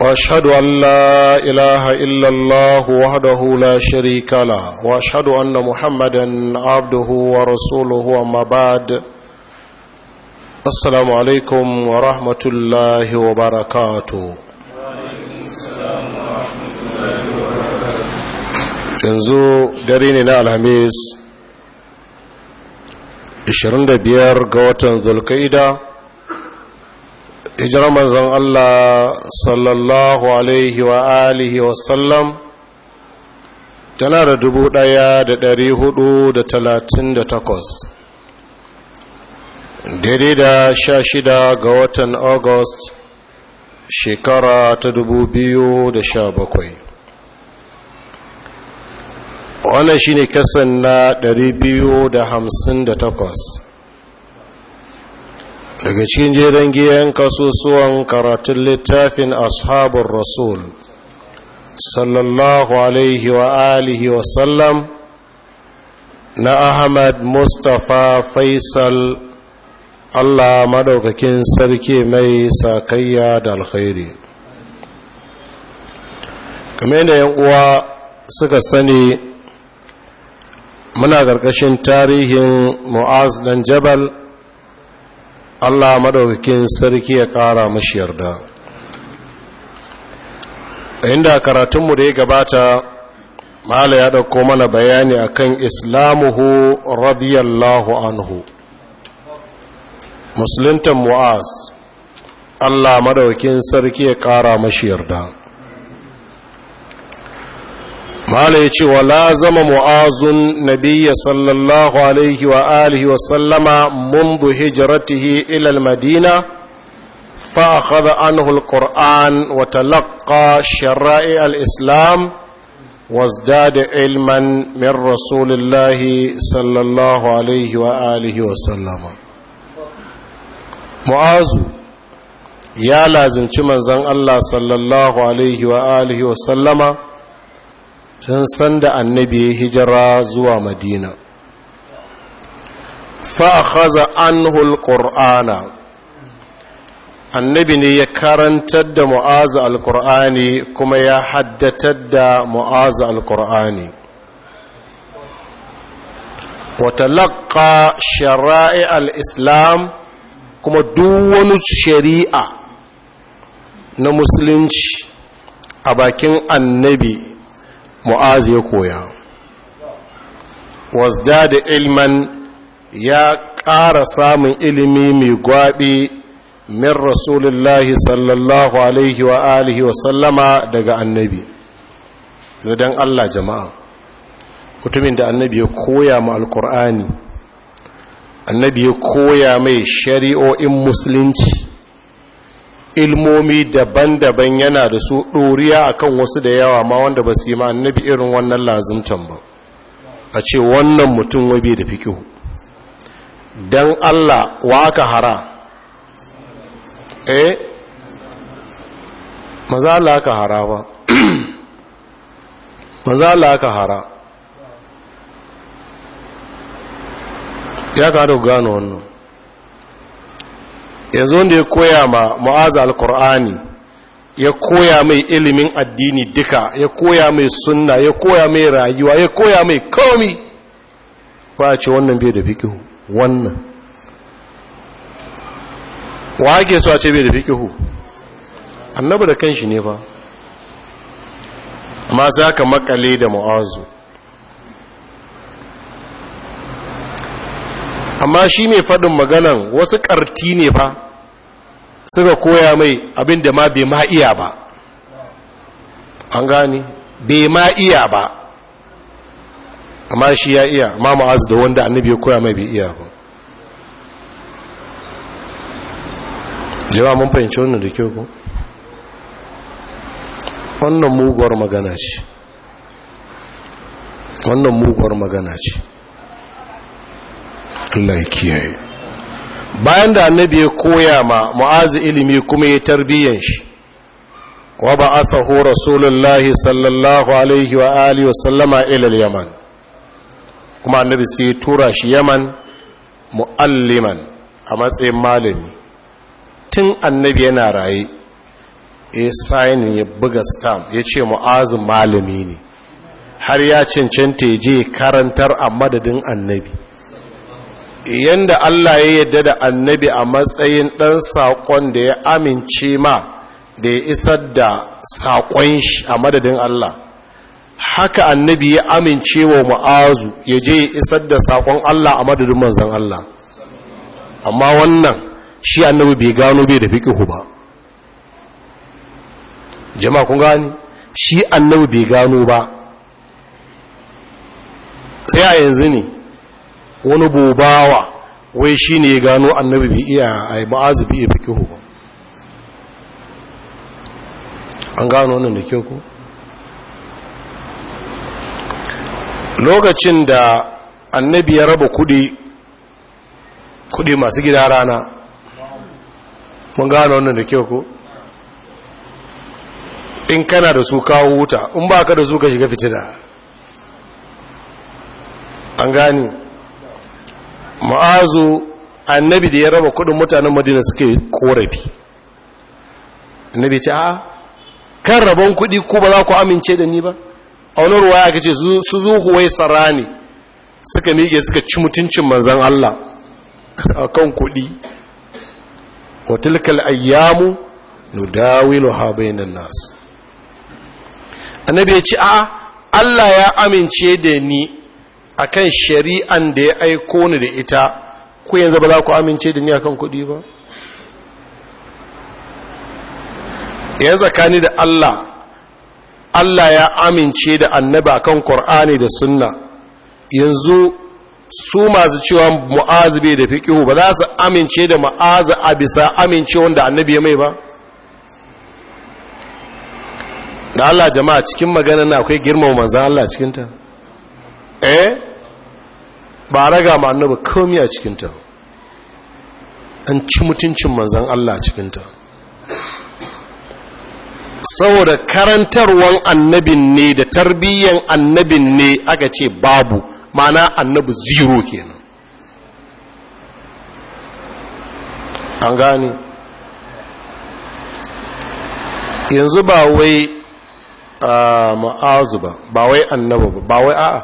واشهد ان لا اله الا الله وحده لا شريك له واشهد ان محمدا عبده ورسوله اما بعد السلام عليكم ورحمه الله وبركاته yanzu dare ne na alhamis 25 ga watan zulkaida hijirar manzon Allah sallallahu alaihi wa alihi wa sallam, tana da dubu ɗaya da dari hudu da talatin da takwas daidai da sha shida ga watan august shekara ta dubu biyu da sha bakwai wannan shine kasan na dari biyu da hamsin da takwas daga cikin jeren giyan kasusuwan karatun littafin ashabun rasul sallallahu alaihi wa alihi wa sallam na ahmad mustapha faisal allah madaukakin sarki mai sakayya da alkhairi kame da yan uwa suka sani muna ƙarƙashin tarihin mu'az dan jabal Allah madaukakin sarki ya ƙara mashi yarda inda karatunmu da ya gabata mala ya dauko mana bayani akan islamuhu radiyallahu anhu muslimtan mu'az Allah madaukakin sarki ya ƙara mashi yarda mala ya ce wa lazama mu'azun nabiya sallallahu alaihi wa alihi wa sallama mundu hijratihi ila madina fa akhadha anhu quran wa talaqqa shara'i al-islam وازداد علما من رسول الله صلى الله عليه وآله وسلم معاذ يا لازم تمن زن الله صلى الله عليه وآله tun sanda annabi ya hijira zuwa madina fa'akaza anhul ƙur'ana annabi ne ya karantar da mu'aza alƙur'ani kuma ya haddatar da mu'aza alƙur'ani watalaka shara'i islam kuma duk wani shari'a na musulunci a bakin annabi mu'az ya koya wasda da ilman ya ƙara samun ilimi mai gwaɓi min rasulullahi sallallahu alaihi wa alihi wa sallama daga annabi don allah jama'a mutumin da annabi ya koya ma alkur'ani annabi ya koya mai shari'o'in musulunci ilmomi daban-daban yana da su ɗoriya akan wasu da yawa ma wanda ba su yi ma annabi irin wannan lazumtan ba a ce wannan mutum wabe da fikihu don Allah wa aka hara eh maza aka hara ba maza aka hara ya ka gano wannan yanzu wanda ya koya ma mu'aza alkur'ani ya koya mai ilimin addini duka ya koya mai sunna ya koya mai rayuwa ya koya mai komi ba ce wannan bai da fikihu wannan wa ake so a ce bai da fikihu annaba da kanshi ne ba amma za ka makale da mu'azu amma shi mai faɗin maganan wasu ƙarti ne fa suka koya mai abin da ma bai ma iya ba an gani bai ma iya ba amma shi ya iya ma ma'az da wanda annabi ya koya mai bai iya ba jama'a mun fahimci wannan da kyau ko wannan muguwar magana ce wannan muguwar magana ce Allah ya kiyaye bayan da annabi ya koya ma mu'azi ilimi kuma ya tarbiyyan shi wa ba'athahu rasulullahi sallallahu alaihi wa alihi sallama ila yaman kuma annabi sai ya tura shi yaman mu'alliman a matsayin malami tun annabi yana raye ya sainin ya buga stam ya ce mu'azin malami ne har ya cancanta ya je karantar a madadin annabi yanda Allah ya yarda da annabi a matsayin ɗan saƙon da ya amince ma da ya isar da saƙon shi a madadin Allah haka annabi ya amince wa ma'azu ya je ya isar da saƙon Allah a madadin manzan Allah amma wannan shi annabi bai gano bai da fiƙihu ba jama'a kun gani shi annabi bai gano ba sai a yanzu ne wani bubawa wai shi ne ya gano annabi bi iya a yi ma'azi bi iya fi kihu ba an gano wannan da kyau ku lokacin da annabi ya raba kudi kudi masu gida rana mun gano wannan da kyau ku in kana da su kawo wuta in ba ka da su ka shiga fitina an gani ma'azu annabi da ya raba kudin mutanen madina suke korafi annabi ce a kan rabon kudi ko ba za ku amince da ni ba a wani ruwa ya ce su tsara sarani suka miƙe suka ci mutuncin manzan Allah a kan kudi watilkal ayyamu dawilu ha bainan nas annabi ya ce a Allah ya amince da ni akan shari'an da ya aiko ni da ita ku yanzu ba za ku amince da ni akan kuɗi ba yanzu zakani da Allah Allah ya amince da annabi akan Qur'ani da Sunna yanzu su masu cewa mu'azu bai da fiqihu ba za su amince da mu'azu a bisa amince wanda annabi ya mai ba da Allah jama'a cikin magana na akwai girmama manzan Allah cikinta? eh ba raga ma annaba komi a cikinta an ci mutuncin manzan Allah cikinta saboda karantarwan annabin ne da tarbiyyan annabin ne aka ce babu mana annabu zero kenan an gane yanzu ba wai ah, ma'azu ba ba wai annabu ba ba wai a'a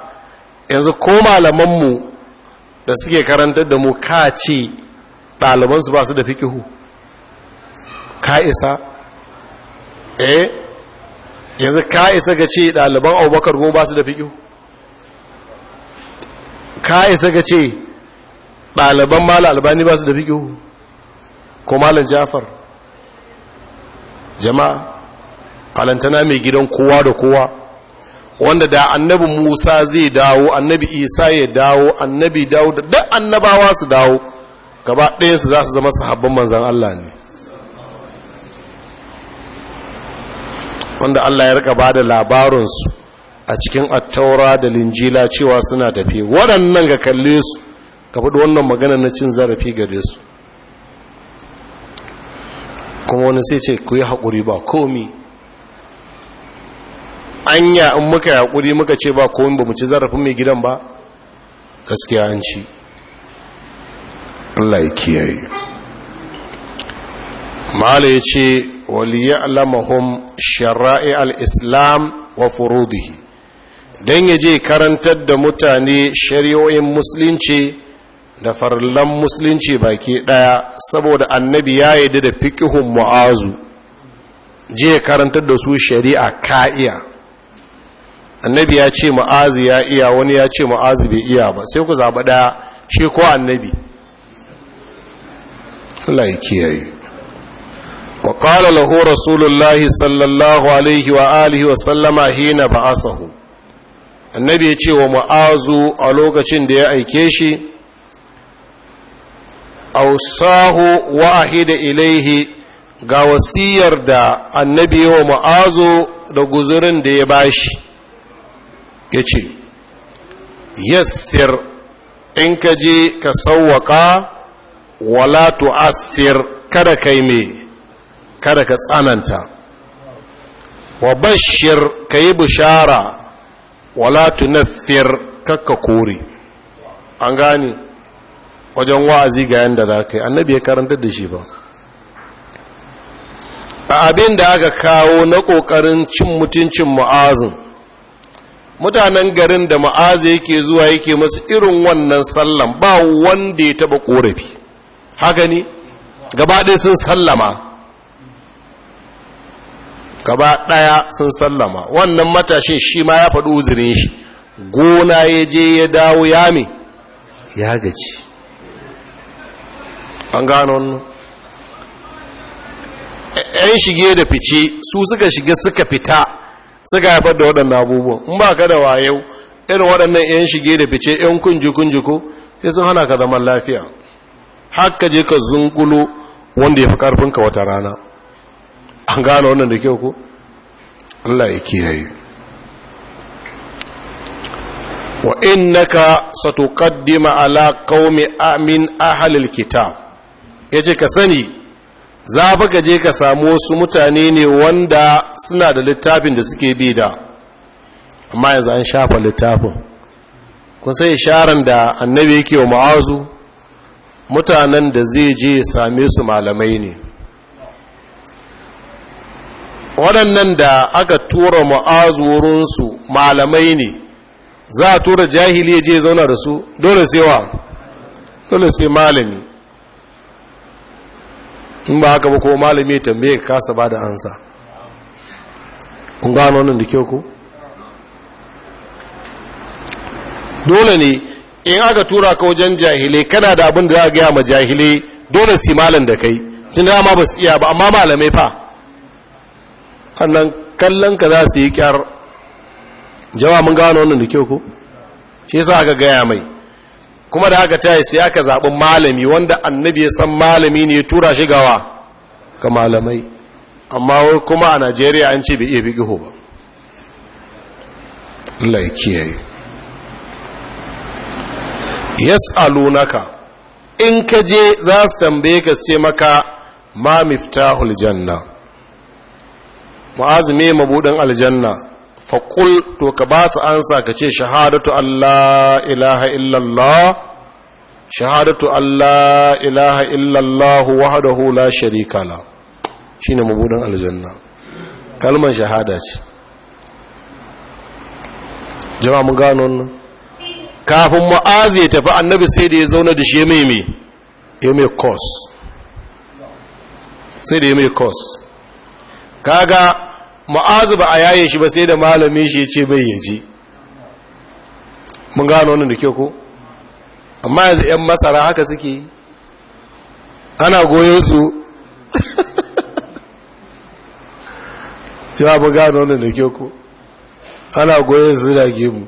yanzu ko malamanmu da suke karantar da mu ka ce ɗalibansu ba su da fikihu ka isa eh yanzu ka isa ga ce ɗaliban abubakar goma ba su da fikihu ka isa ga ce ɗaliban mala albani ba su da fikihu ko malin jafar jama'a kalantana mai gidan kowa da kowa wanda da annabi musa zai dawo annabi isa ya dawo annabi dawo da duk annabawa su dawo gaba su za su zama sahabban manzan allah ne wanda allah ya rika ba da labarinsu a cikin attaura da linjila cewa suna tafi waɗannan ga kalle su ka faɗi wannan magana na cin zarafi gare su kuma wani sai ce ku yi haƙuri ba komi anya in muka yaƙuri muka ce ba kowin ba mu ci zarafin mai gidan ba gaskiya an ci Allah ya kiyaye mala ya ce waliyalamahum shara'i al-islam wa furubihi don ya je karantar da mutane shari'o'in musulunci da farlan musulunci baki ɗaya saboda annabi ya yi da fikihun mu'azu je karantar da su shari'a ka'iya annabi ya ce ma'azi ya iya wani ya ce ma'azi bai iya ba sai ku zaɓa ɗaya shi ko annabi Allah ya kiyaye wa qala lahu rasulullahi sallallahu alaihi wa alihi wa sallama hina ba'asahu annabi ya ce wa ma'azu a lokacin da ya aike shi ausahu wa ahida ilaihi ga wasiyar da annabi wa ma'azu da guzurin da ya bashi ya ce yassir in ka je ka sauwaka wala tu'assir kada kai me kada ka tsananta wa bashir ka yi bishara wala tunaffir kakka kore an gani wajen wa'azi ga yadda za ka yi annabi ya karanta da shi ba a abin da aka kawo na ƙoƙarin cin mutuncin mu'azin mutanen garin da ma'aza yake zuwa yake masu irin wannan sallan ba wanda ya taba korafi haka ne gaba ɗaya sun sallama gaba ɗaya sun sallama wannan matashin shi ma ya faɗi uzurin shi gona ya je ya dawo ya me ya gaji an gano wannan ‘yan shige da fice su suka shiga suka fita suka haifar da waɗannan abubuwan in ba ka da wayo irin waɗannan 'yan shige da fice 'yan kunji sai sun hana ka zama lafiya haka je ka zungulo wanda ya fi ƙarfinka wata rana an gane wannan da kyau ko allah ya kiyaye wa innaka satuqaddima ala qaumi amin ahlil kitab yace ka sani za ba ka je ka samu wasu mutane ne wanda suna da littafin da suke bi da amma yanzu an shafa littafin kun sai sharan da annabi yake wa ma'azu mutanen da zai je same su malamai ne waɗannan da aka tura ma'azu wurinsu malamai ne za a tura jahiliya je zauna da su dole sai wa dole sai malami in ba haka ba ko malami tambaye ka kasa ba da ansa kun gano wannan da kyau ko dole ne in aka tura ka wajen jahilai kana da abin da za a gaya ma jahilai dole su malam da kai tun da ma ba su iya ba amma malamai fa annan kallon ka za su yi kyar jawa mun gano wannan da kyau ko shi yasa aka gaya mai kuma da haka ta sai aka zaɓi malami wanda annabi ya san malami ne ya tura shi gawa ga malamai amma kuma a najeriya an ce bai iya ihu ba Allah ya kiyaye in ka je za su tambaye ka ce maka ma miftahul janna mu'azime mabudin aljanna faƙul to ka ba su ansa ka ce shahadatu Allah ilaha illallah shahadatu Allah ilaha illallah wahdahu la sharika la shine mabudin aljanna kalmar shahada ce jama'a mun gano wannan kafin mu'azi ya tafi annabi sai da ya zauna da shi ya mai mai ya mai kos sai da ya mai kos kaga mu'azu ba a yaye shi ba sai da malami shi ya ce bai yaji mun gano wani da ke ko amma yanzu 'yan masara haka suke yi ana goyon su ya ba gano wani da ke ko ana goyon su da gemu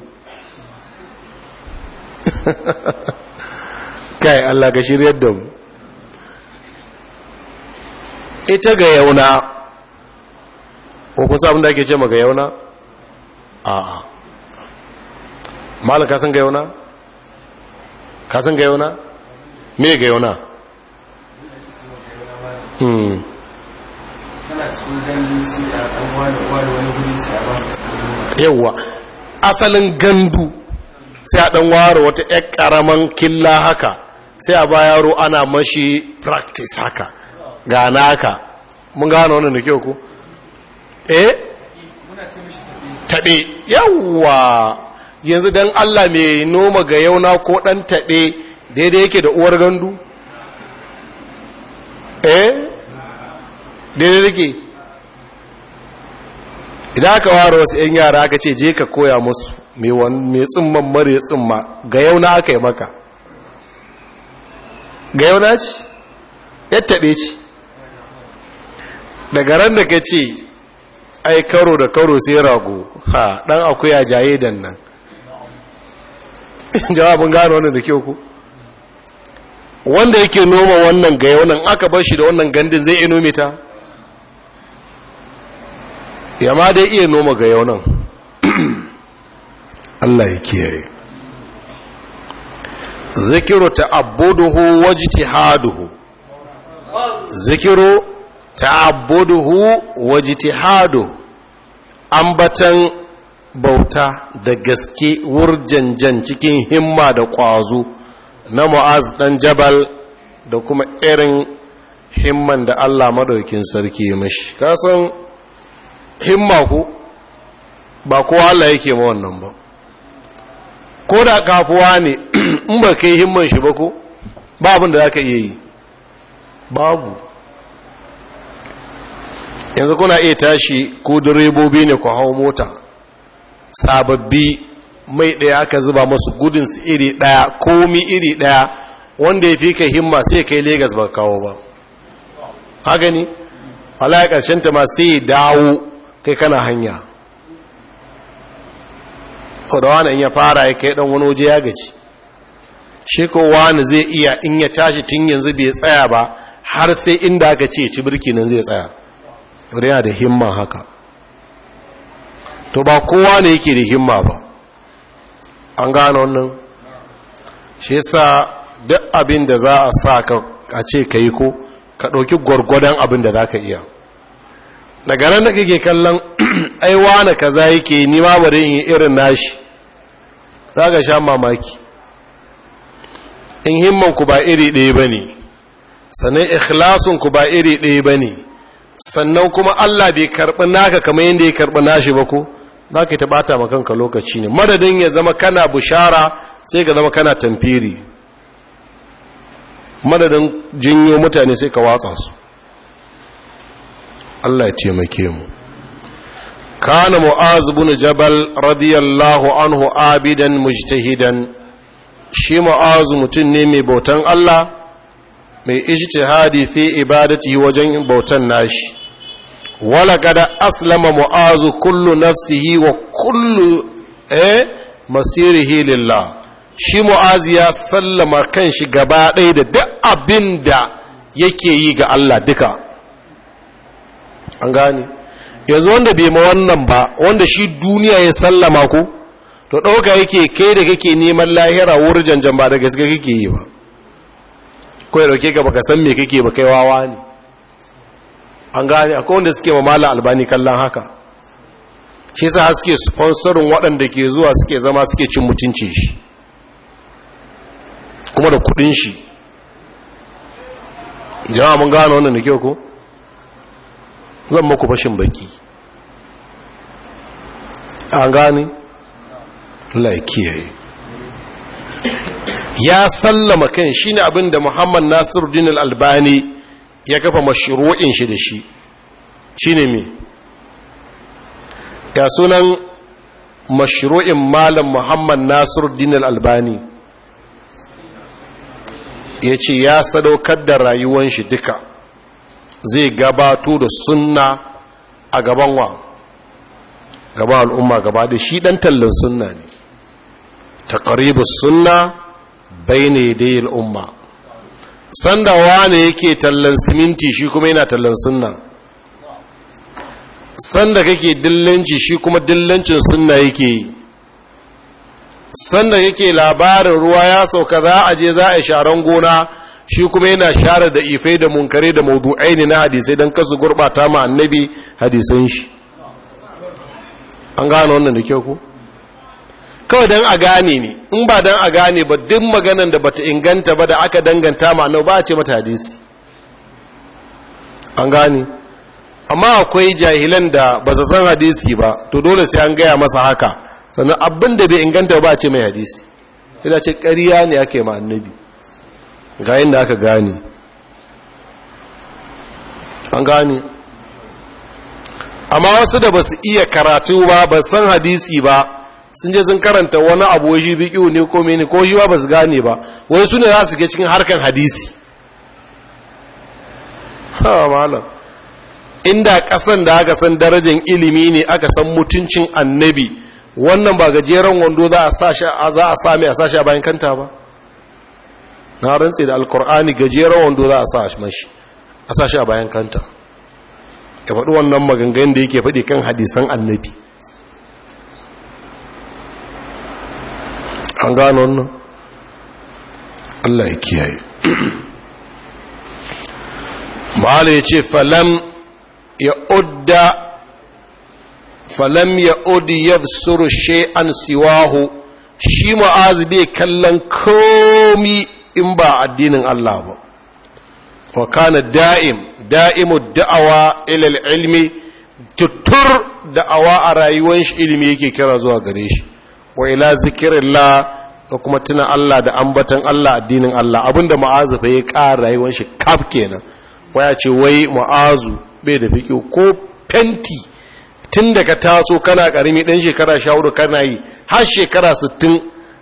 kai Allah ka shiryar da mu ita ga yauna ko kusa abinda ake ce maga yauna a'a malaka sun ga yauna sun ga yauna me ga yauna hmm asalin gandu sai a dan waro wata ƴar karaman killa haka sai a ba yaro ana mashi practice haka ga naka mun gano wani da kyau ku eh taɓe yawwa yanzu don allah mai noma ga yauna ko ɗan taɓe daidai yake da uwar gandu eh daidai ke? idan aka ware wasu 'yan yara aka ce je ka koya musu mai tsimman mara tsimma ga yauna aka yi maka ga yauna ce ya taɓe ce daga ran da ka ce ai karo da karo sai rago ha dan akuya jaye dan nan jawabin gano wannan da kyau ku wanda yake noma wannan gaya wannan aka bar shi da wannan gandun zai inome ta yamma dai iya noma gaya wannan Allah ya kiyaye zikiru ta'abbuduhu wajtihaduhu zikiru ta'abbuduhu wajtihadu ambatan bauta da gaske wurjanjan cikin himma da ƙwazo na mu'az dan jabal da kuma irin himman da Allah madaukin sarki mashi kasan himma ku ba kowa Allah yake ma wannan ba ko da kafuwa ne in ba kai himman shi ba ko ba abin da za iya yi babu yanzu kuna iya tashi ko direbobi ne ku hau mota sababbi mai ɗaya aka zuba masu gudun su iri ɗaya komi iri ɗaya wanda ya fi ka himma sai kai legas ba kawo ba haka ni alaƙa ƙarshen ta ma sai dawo kai kana hanya kodawa in ya fara ya kai dan wani waje ya gaci shi wani zai iya in ya tashi tun yanzu bai tsaya ba har sai inda aka ce ci birki nan zai tsaya riya da himma haka to ba kowa ne yake da himma ba an gano wannan shi yasa duk abin da za a sa ka a ce ka yi ko ka ɗauki gwargwadon abin da za ka iya daga nan da kake kallon aiwa na kaza yake ni ma bari yi irin nashi za ka sha mamaki in himmanku ba iri ɗaya ba ne sannan ikhlasunku ba iri ɗaya ba ne sannan kuma Allah bai karɓi naka kamar yadda ya karɓi nashi ba ko za ka ta ɓata ma kanka lokaci ne madadin ya zama kana bushara sai ka zama kana tamfiri madadin jinyo mutane sai ka watsa su Allah ya taimake mu kana mu'az ibn jabal radiyallahu anhu abidan mujtahidan shi mu'az mutum ne mai bautan Allah mai ijtihadi fi ibadati wajen bautan nashi wala kada aslama mu'azu kullu nafsihi wa kullu eh masirihi lillah shi mu'azi ya sallama kanshi gaba ɗaya da duk abin da yake yi ga Allah duka an gane yanzu wanda bai ma wannan ba wanda shi duniya ya sallama ko to ɗauka yake kai da kake neman lahira wurin janjan ba da gaske kake yi ba kawai dauke ka baka san me kake ba kai wawa ne an gane akwai wanda suke mamala albani kallon haka shi sa suke sponsorin waɗanda ke zuwa suke zama suke cin mutuncin shi kuma da kudin shi idan mun gane wannan da kyau ko zan maku fashin baki an gane laikiyayi ya sallama kan shi ne abin da muhammad Nasiru din al'albani ya kafa mashiru'in shi da shi shi ne mi ya sunan mashiru'in malam muhammad Nasiru din al'albani ya ce ya sadaukar da rayuwan shi duka zai gabato da sunna a gaban wa gaban al'umma gaba da shi ɗan tallan sunna ne ta sunna da yi al'umma sanda wane yake tallan siminti shi kuma yana tallan sunna sanda kake dillanci shi kuma dillancin sunna yake yi sanda yake labarin ruwa ya sauka za a je za a sharan gona shi kuma yana share da ifai da munkare da maudu'ai ne na hadisai don kasu gurbata ma annabi hadisan shi an gano wannan da kyau ku kawai don a gane ne in ba don a gane ba duk maganan da bata inganta ba da aka danganta ma ba a ce mata hadisi an gane amma akwai jahilan da ba su san hadisi ba to dole sai an gaya masa haka sannan abin da bai inganta ba a ce mai hadisi ina ce kariya ne ake ma annabi ga yin da aka gane an gane amma wasu da ba su iya karatu ba ba san hadisi ba sun je sun karanta wani abu shi biki ne ko mene ko shi ba ba su gane ba wai su ne za su ke cikin harkan hadisi ha malam inda kasan da aka san darajar ilimi ne aka san mutuncin annabi wannan ba gajeren wando za a sa shi za a sami a sashi a bayan kanta ba na rantse da alkur'ani gajeren wando za a sa mashi a sashi a bayan kanta Ka faɗi wannan maganganun da yake faɗi kan hadisan annabi an gano wannan Allah ya kiyaye ma'ala ya ce falam ya udda falam ya udi ya suru she'an siwahu shi ma'azi bai kallon komi in ba addinin Allah ba wa kana da'im da'imu da'awa ilal ilmi tuttur da'awa a rayuwar shi ilimi yake kira zuwa gare shi wa ila zikirillah da kuma tuna Allah da ambatan Allah addinin Allah abinda ma'azu fa ya ƙara rayuwar shi kaf kenan waya ce wai ma'azu bai da fiki ko fenti tun daga taso kana karimi dan shekara sha kana yi har shekara sittin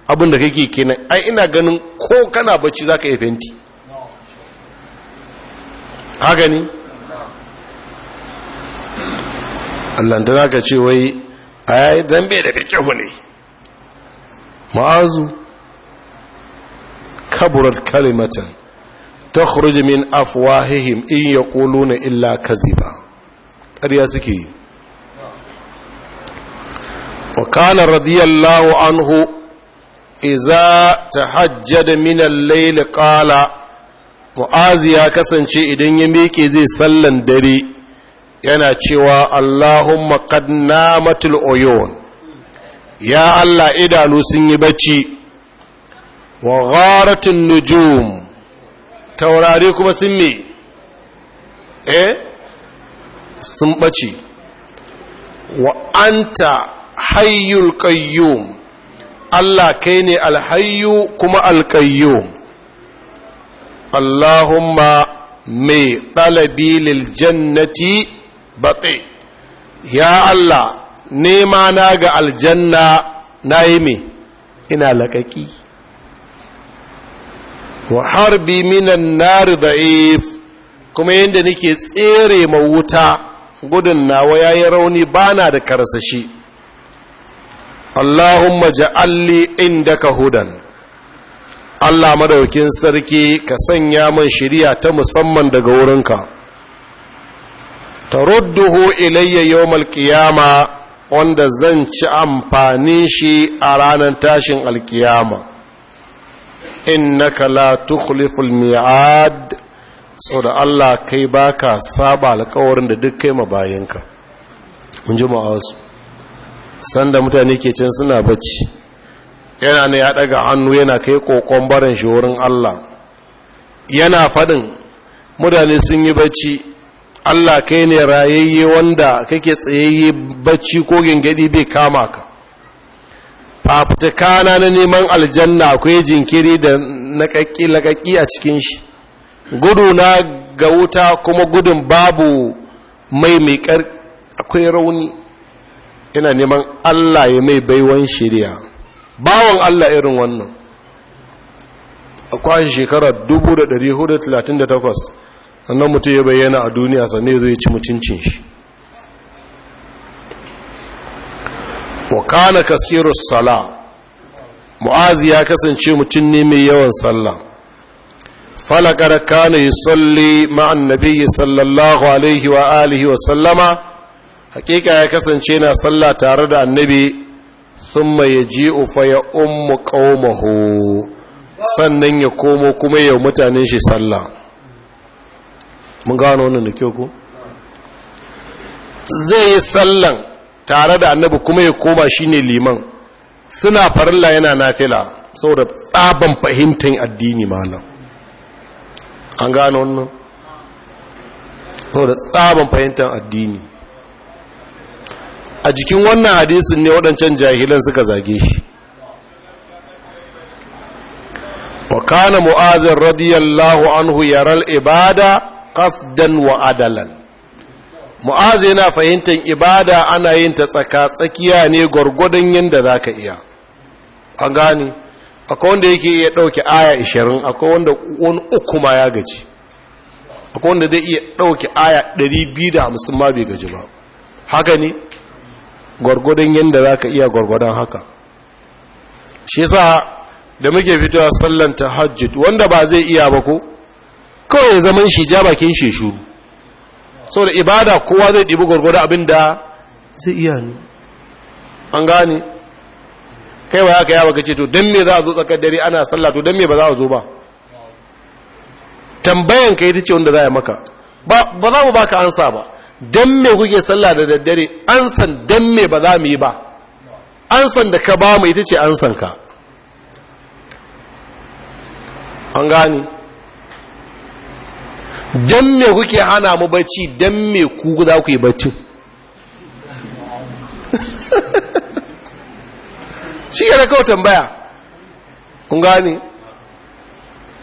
abinda kake kenan ai ina ganin ko kana bacci zaka ka yi fenti haka ne dan ka ce wai a yayi zambe da fiƙihu ne ma'azu kaburar kalimatan ta min afwahihim in ya na illa kaziba ƙarya suke yi wa kana radiyallahu anhu iza ta hajjada minan laili ƙala mu'azi ya kasance idan ya miƙe zai sallan dare yana cewa allahumma qad namatul uyun ya Allah idanu sun yi bacci wa gharatun nujum taurari kuma sun me eh sun bace wa anta hayyul qayyum Allah kai ne alhayyu kuma alqayyum Allahumma mai ɗalabi lil jannati baƙi ya Allah nema na ga aljanna na yi me ina lakaki. wa harbi minan nari da'if kuma yadda nake tsere ma wuta gudun nawa ya yi rauni ba na da karsashi Allahumma ja'alli indaka hudan Allah madaukin sarki ka sanya min shiriya ta musamman daga wurinka tarudduhu ilayya yawmal qiyamah wanda zan ci amfani shi a ranar tashin alkiyama innaka la tukhliful mi'ad da Allah kai baka saba alƙawarin da duk kai mabayinka mun ji ma'azu sanda mutane ke can suna bacci yana ne ya daga hannu yana kai kokon barin shi wurin Allah yana fadin mutane sun yi bacci Allah kai ne rayayye wanda kake tsayayye bacci ko gengadi bai kama ka fafutukana na neman aljanna akwai jinkiri da naƙaƙi a cikin shi gudu na ga wuta kuma gudun babu mai mai akwai rauni ina neman Allah ya mai baiwan shirya bawon Allah irin wannan a kwashe shekarar 1438 sannan mutum ya bayyana a duniya sannan ya ci mutuncin shi wa kana kasirus sala mu'azi ya kasance mutum ne mai yawan sallah falakar kana yusalli ma'an nabi sallallahu alaihi wa alihi wa sallama hakika ya kasance na sallah tare da annabi sun maye ji ufaya ya ummu maho sannan ya komo kuma ya mutanen shi sallah mun gano wannan da kyau ko zai yi sallan tare da annabi kuma ya koma shine liman suna farilla yana nafila saboda tsaban fahimtar addini malam an gano wannan saboda tsaban fahimtar addini a jikin wannan hadisin ne waɗancan jahilan suka zage shi wa kana mu'azin radiyallahu anhu yaral ibada qasdan wa adalan mu'az yana fahimtar ibada ana yin ta tsaka tsakiya ne gwargwadon yadda za ka iya an gani akwai wanda yake iya dauke aya 20 akwai wanda wani uku ma ya gaji akwai wanda zai iya dauke aya 250 ma bai gaji ba haka ne gwargwadon yadda za ka iya gwargwadon haka shi yasa da muke fitowa sallan tahajjud wanda ba zai iya ba ko kawai ya zaman shi ja bakin shi shuru saboda ibada kowa zai ɗibi gwargwado abin da zai iya ne an gane kai ba haka yawa ce to don me za a zo tsakar dare ana sallah to don me ba za a zo ba tambayan ka ita ce wanda za a maka ba za mu baka ansa ba don me kuke sallah da daddare ansan don me ba za mu yi ba ansan da ka ba mu ita ce ansan ka an gane don me kuke hana mu bacci don me ku za ku yi bacci shi yana kawo tambaya kun gane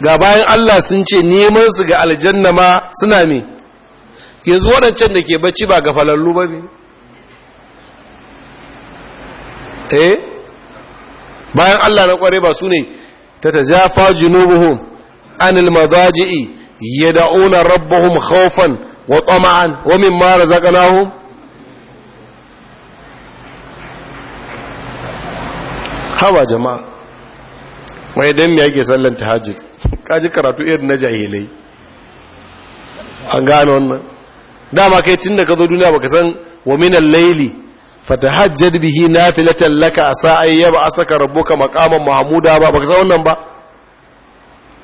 ga bayan Allah sun ce neman su ga aljanna ma suna me yanzu waɗancan da ke bacci ba ga falallu ba ne eh bayan Allah na kware ba su ne ta ta jafa junubuhum anil madaji'i yad'una rabbahum khawfan wa tama'an wa mimma razaqnahum hawa jama'a wai dan me yake sallan tahajjud kaji karatu irin na jahilai an gano wannan dama kai tunda ka zo duniya baka san wa min al-layli fatahajjad bihi nafilatan laka asa ay yab'asaka rabbuka maqaman mahmuda ba baka san wannan ba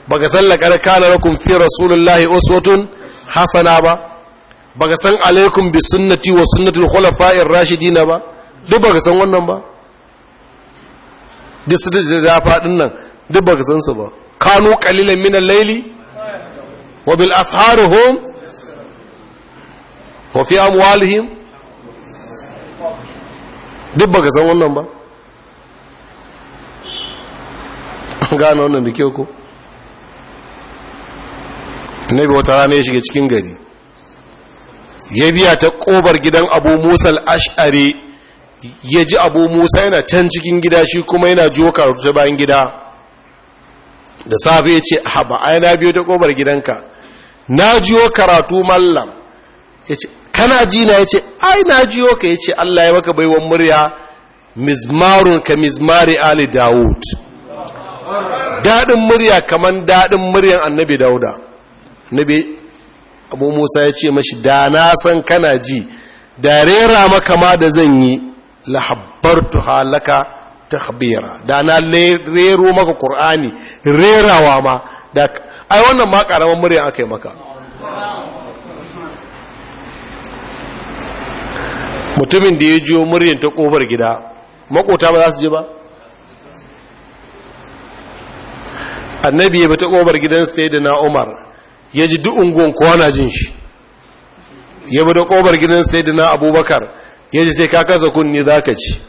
baka san laqad kana lakum fi rasulillahi uswatun hasana ba baka san alaikum bi sunnati wa sunnati al-khulafa'ir rashidina ba duk baka san wannan ba duk su da faɗin nan duk baka san su ba kanu qalilan min al-layli wa bil asharihum wa fi amwalihim duk baka san wannan ba gane wannan da kyau ko annabi wata rana ya shiga cikin gari ya biya ta kobar gidan abu musa al'ash'ari ya ji abu musa yana can cikin gida shi kuma yana jokar su bayan gida da safe ya ce haba ai na biyo ta kobar gidanka na jiyo karatu mallam ya ce kana jina na ya ce ai na jiyo ka ya ce allah ya maka baiwan murya mizmarun ka mizmari ali dawud daɗin murya kamar daɗin muryan annabi dauda nabi abu musa ya ce mashi da na san kana ji da rera maka ma da zan yi lahabbartu halaka tahbira da na rero maka qur'ani rerawa ma da ai wannan ma karamar murya yi maka mutumin da ya jiyo muryan ta kofar gida makota ba za su je ba annabi ya bi ta kofar gidan na umar ya ji duk unguwan kowa na jin shi ya bi da kobar gidan na abubakar ya ji sai ka zakun ne za ka ci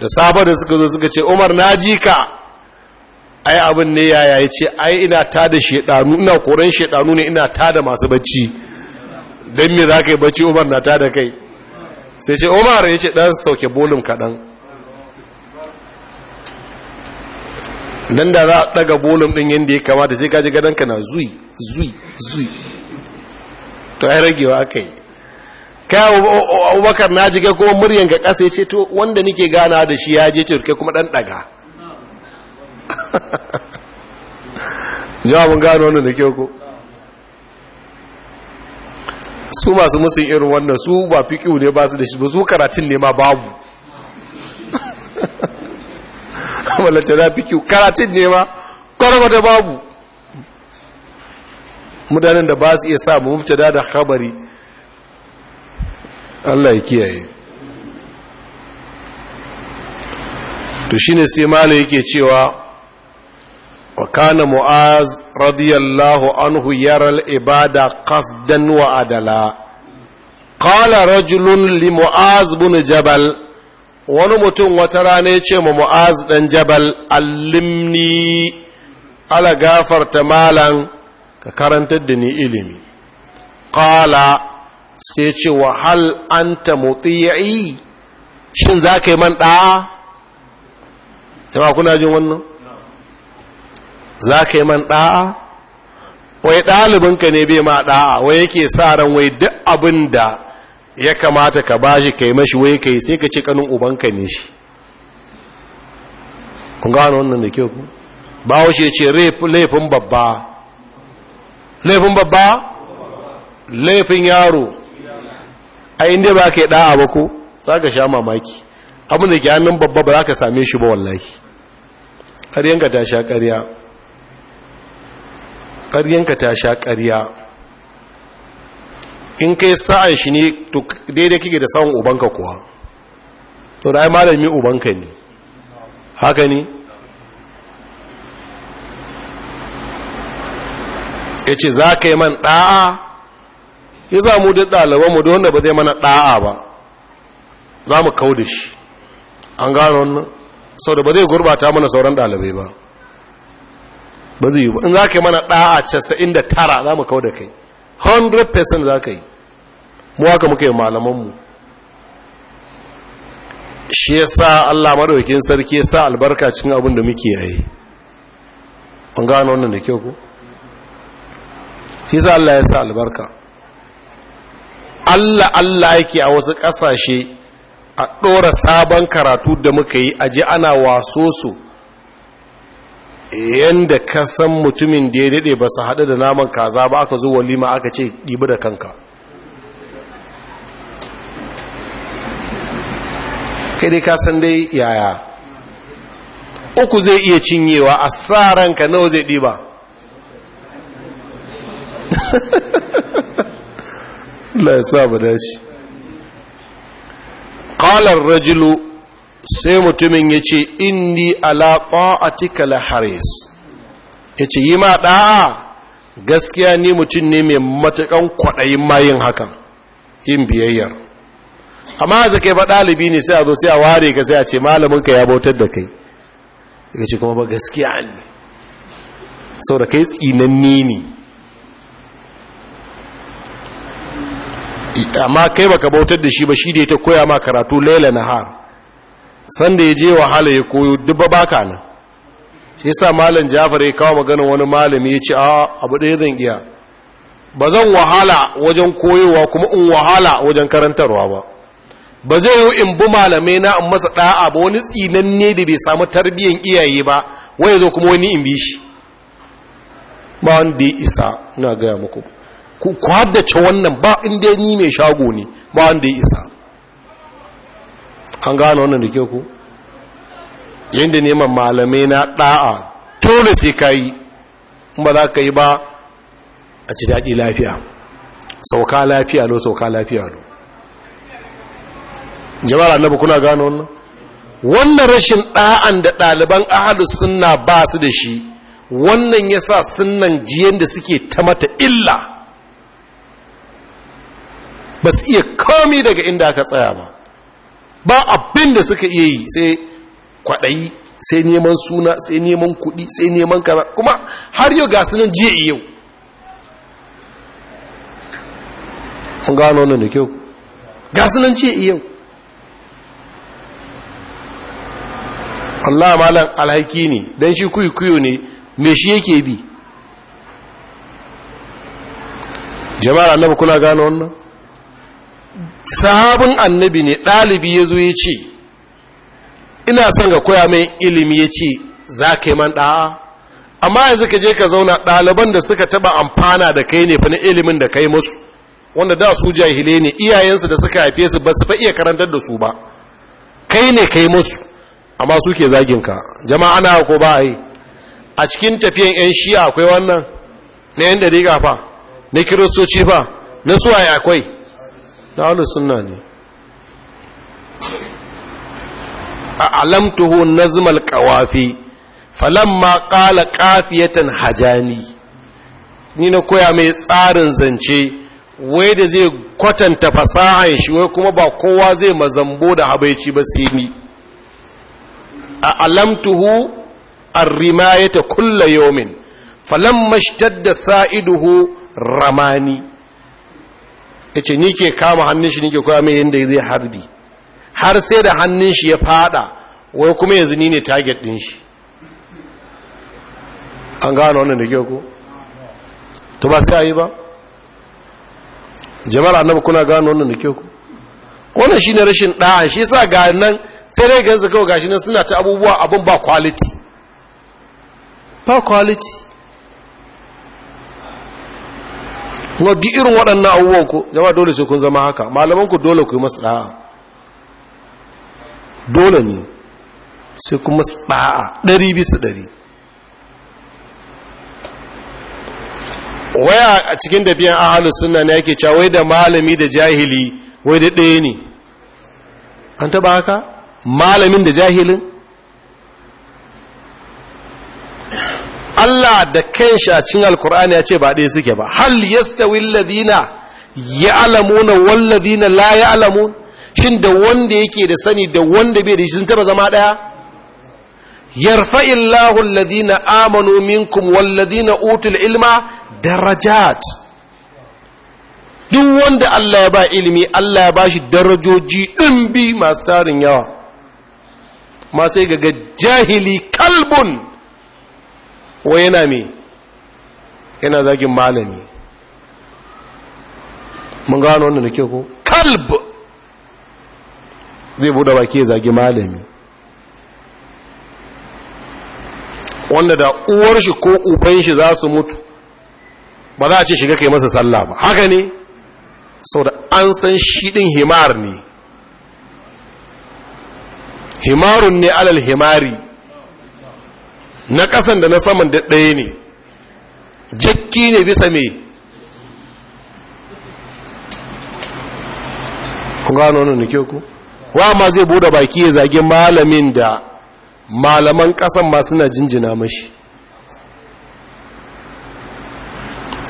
da sabon da suka zo suka ce umar na ji ka ai abin ne yaya ya ce ai ina ta da shaɗanu ina koren shaɗanu ne ina ta da masu bacci don me za ka yi bacci umar na ta da kai sai ce umar ya ce dan sauke bolin kaɗan nan da za a ɗaga bolin ɗin yadda ya kamata sai kaji ji gadonka na zuyi zui zui to ai ragewa aka yi kai abubakar na jiga kuma muryan ga ƙasa ya ce to wanda nike gana da shi ya je turke kuma ɗan ɗaga jawabin gano wannan da kyau ko su masu musu irin wannan su ba fiƙiu ne ba su da shi ba su karatun ne ma babu ta na fiƙiu karatun ne ma ƙwararwa da babu mutanen da ba su iya sa mu da da khabari Allah ya kiyaye to shine sai mala yake cewa wa kana mu'az radiyallahu anhu yara al-ibada qasdan wa adala qala rajulun li mu'az bin jabal wani mutum wata rana ya ce ma mu'az dan jabal allimni ala gafarta malan ka karantar da ni ilimi ƙala sai ce wa hal an ta yi. shin za ka yi man ɗa'a jama kuna jin wannan za ka yi man ɗa'a wai ɗalibinka ne bai ma ɗa'a wai yake sa ran wai duk abin da ya kamata ka ba shi yi mashi wai yi sai ka ce kanin ubanka ne shi kun gano wannan da kyau ku bawo shi ce laifin babba laifin babba laifin yaro a inda ba ka yi ɗa'a ba ko za ka sha mamaki abinda ke hannun babba ba za ka same shi ba wallahi ƙaryanka ta sha ƙarya ƙaryanka ta sha ƙarya in kai sa'an shi ne daidai kike da sa'an ubanka kuwa to da ai malami ubanka ne haka ne ya ce za ka yi man ɗa'a ya za mu da ɗalibanmu da wanda ba zai mana ɗa'a ba za mu kau da shi an gano wannan sau da ba zai gurbata mana sauran ɗalibai ba ba zai yi ba in za ka yi mana ɗa'a casa'in da tara za mu kau da kai 100% za ka yi mu haka muka yi malamanmu shi ya sa allah maɗaukin sarki ya sa albarka cikin abin da muke yayi an gano wannan da kyau ku shi Allah ya sa albarka Allah Allah yake a wasu ƙasashe a ɗora sabon karatu da muka yi a aji ana waso su yadda ka san mutumin da ya daɗe ba su haɗu da naman kaza ba aka zo walima aka ce ɗibi da kanka kai dai ka san dai yaya uku zai iya cinyewa a sa ranka nawa zai ɗiba Allah ya sa mu dace qalar rajulu sai mutumin ya yace inni ala ta'atika la haris ce yi ma da'a gaskiya ni mutum ne mai matakan kwaɗayin mayin hakan yin biyayyar amma za ka yi ɗalibi ne sai a zo sai a ware ka sai a ce ka ya bautar da kai Ya ce kuma ba gaskiya ne sau da kai tsinanni ne amma kai baka bautar da shi ba shi da ta koya ma karatu laila nahar sanda ya je wahala ya koyo dubba baka nan shi yasa malam Jafar ya kawo magana wani malami ya ce a abu ɗaya zan iya ba zan wahala wajen koyowa kuma in wahala wajen karantarwa ba ba zai yi in bi malamai na in masa da'a ba wani tsinanne da bai samu tarbiyyar iyaye ba wai zo kuma wani in bi shi ba wanda ya isa na gaya muku ku haddace wannan ba inda ni mai shago ne ba wanda ya isa an gane wannan da ke ku yadda neman malamai na ɗa'a tole sai ka yi ba za ka yi ba a ci daɗi lafiya sauka lafiya lo sauka lafiya lo jama'ar annabi kuna gano wannan wannan rashin ɗa'an da ɗaliban ahalu suna ba su da shi wannan ya sa sunan jiyan da suke ta mata illa ba su iya komi daga inda aka tsaya ba ba abin da suka iya yi sai kwaɗayi sai neman suna sai neman kuɗi sai neman kaza kuma har yau ga sunan jiya yau an gano wannan da kyau ga sunan jiya yau Allah malam alhaki ne don shi kuyi ne me shi yake bi jama'ar annabi kuna gano wannan sahabin annabi ne ɗalibi ya zo ya ce ina son ga koya mai ilimi ya ce za ka yi man ɗa'a amma yanzu ka je ka zauna ɗaliban da suka taɓa amfana da kai ne fi na ilimin da kai musu wanda da su jahile ne iyayensu da suka haife su ba su fa iya karantar da su ba kai ne kai musu amma suke zagin ka jama'a ana ko ba a yi a cikin tafiyan 'yan shi akwai wannan na 'yan dariƙa fa na kiristoci fa na suwaye akwai na ahlus ne a alamtuhu nazmal qawafi falamma kala kafiyatan hajani ni na koya mai tsarin zance wai da zai kwatanta fasahan shi wai kuma ba kowa zai mazambo da habaici ba sai ni a alamtuhu arrimayata kulla yawmin falamma da sa'iduhu ramani ta ce ni ke kama hannun shi ni ke koya mai yadda zai harbi har sai da hannun shi ya fada wai kuma yanzu ni ne target din shi an gano wannan da ke ku to ba sai a yi ba jama'ar annabi kuna gano wannan da ke ku wanda shi ne rashin ɗaya shi sa ga nan sai dai gansu kawai gashi nan suna ta abubuwa abin ba quality ba quality kuma duk irin waɗannan abubuwan ku jama'a dole sai kun zama haka malaman ku dole ku yi masu da'a dole ne sai kun masu da'a ɗari bisa ɗari waya a cikin biyan ahalus suna ne yake cewa wai da malami da jahili wai da ɗaya ne an taɓa haka malamin da jahilin Allah da kanshi a cikin alkur'ani ya ce ba ɗaya suke ba hal ladina alladhina ya'lamuna wal ladina la ya'lamun shin da wanda yake da sani da wanda bai da shi sun taba zama ɗaya yarfa illahu alladhina amanu minkum wal ladina utul ilma darajat duk wanda Allah ya ba ilimi Allah ya ba shi darajoji ɗin bi masu tarin yawa ma sai ga jahili kalbun wai yana me yana zagin malami mun gano wannan da ke ko kalb zai bude baki ke zagi malami wanda da uwar shi ko uban shi za su mutu ba za a ce shiga kai masa sallah ba haka ne sau da an san shiɗin himar ne himarun ne alal himari na ƙasan da na saman da ɗaya ne jakki ne bisa me ku gano da ke ku wa ma zai bude baki ya zage malamin da malaman ƙasan ma suna jinjina mashi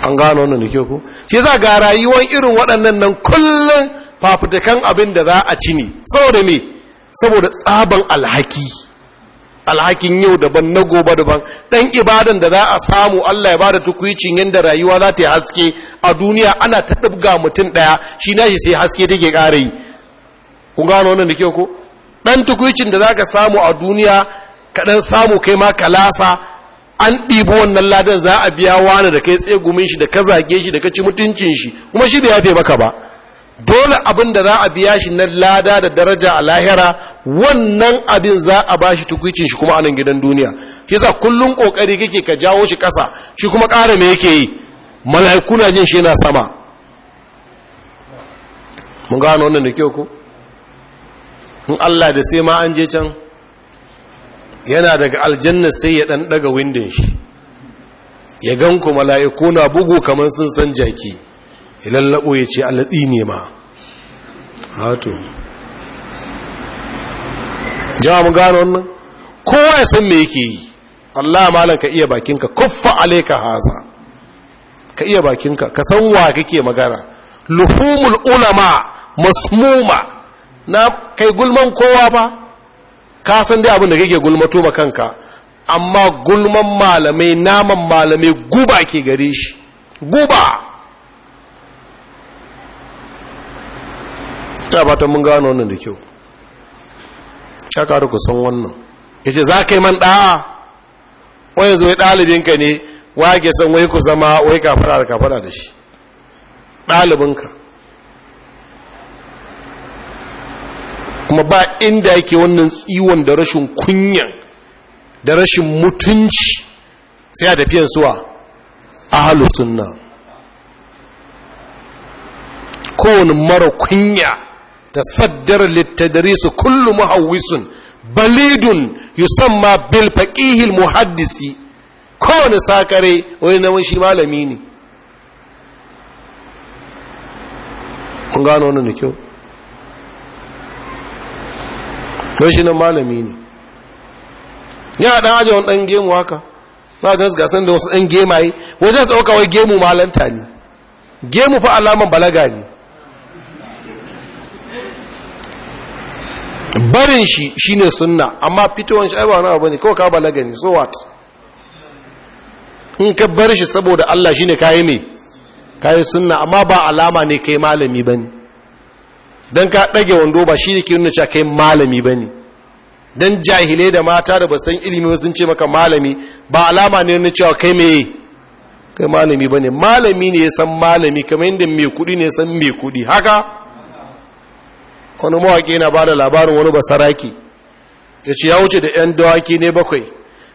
an gano wannan da ku shi za ga rayuwan irin waɗannan nan kullum fafutukan abin da za a ci ne saboda me saboda tsaban alhaki alhakin yau daban na gobe daban dan ibadan da za a samu Allah ya bada tukuicin yanda rayuwa za ta yi haske a duniya ana ta dubga mutum daya shi na shi sai haske take kare yi kun gano wannan da kyau ko dan tukuicin da zaka samu a duniya ka dan samu kai ma kalasa an dibo wannan ladan za a biya wani da kai tsegumin shi da ka zage shi da ka ci mutuncin shi kuma shi bai yafe maka ba dole abin da za a biya shi na lada da daraja a lahira wannan abin za a bashi tukwicin shi kuma anan gidan duniya shi yasa kullum kokari kake ka jawo shi kasa shi kuma ƙara me yake yi mala'iku na jin shi yana sama mun gano wannan da kyau ko in Allah da sai ma an je can yana daga aljanna sai ya dan daga windin shi ya gan ku mala'iku na bugu kamar sun san jaki ya yace ya ce ne ma hatu jama'a mun gano wannan kowa ya san me yake yi Allah malam ka iya bakinka kuffa alayka haza ka iya bakinka ka san wa kake magana luhumul ulama masmuma na kai gulman kowa ba ka san dai abin da kake gulmato ma kanka amma gulman malamai naman malamai guba ke gare shi guba ta ba mun gano wannan da kyau ta karu ku san wannan ya ce za ka yi man ɗa'a wai zo ɗalibinka ne wa ke san wai ku zama wai ka fara da ka da shi ɗalibinka kuma ba inda yake wannan tsiwon da rashin kunyan da rashin mutunci sai a tafiyan suwa a nan kowane mara kunya يتصدر للتدريس kullu muhawwisun balidun يسمى بالفقيه faqih كون ساكري وين wani شي shi malami ne kun gano wannan da kyau don shi nan malami ne ya dan aje wani dan gemu haka ba gan gasan da wasu dan gemaye wajen su dauka wai gemu malanta ne gemu fa alaman balaga ne barin shi shine sunna amma fitowar shi aiwa na bane kawai ka balaga ne so what in ka bar shi saboda Allah shine kayi me kayi sunna amma ba alama ne kai malami bane dan ka dage wando ba shine ke nuna cewa kai malami bane dan jahile da mata da basan ilimi sun ce maka malami ba alama ne na cewa kai me kai malami bane malami ne ya san malami kamar yadda mai kudi ne ya san mai kudi haka wani mawaƙi na ba da labarin wani basaraki ya ce ya wuce da 'yan dawaki ne bakwai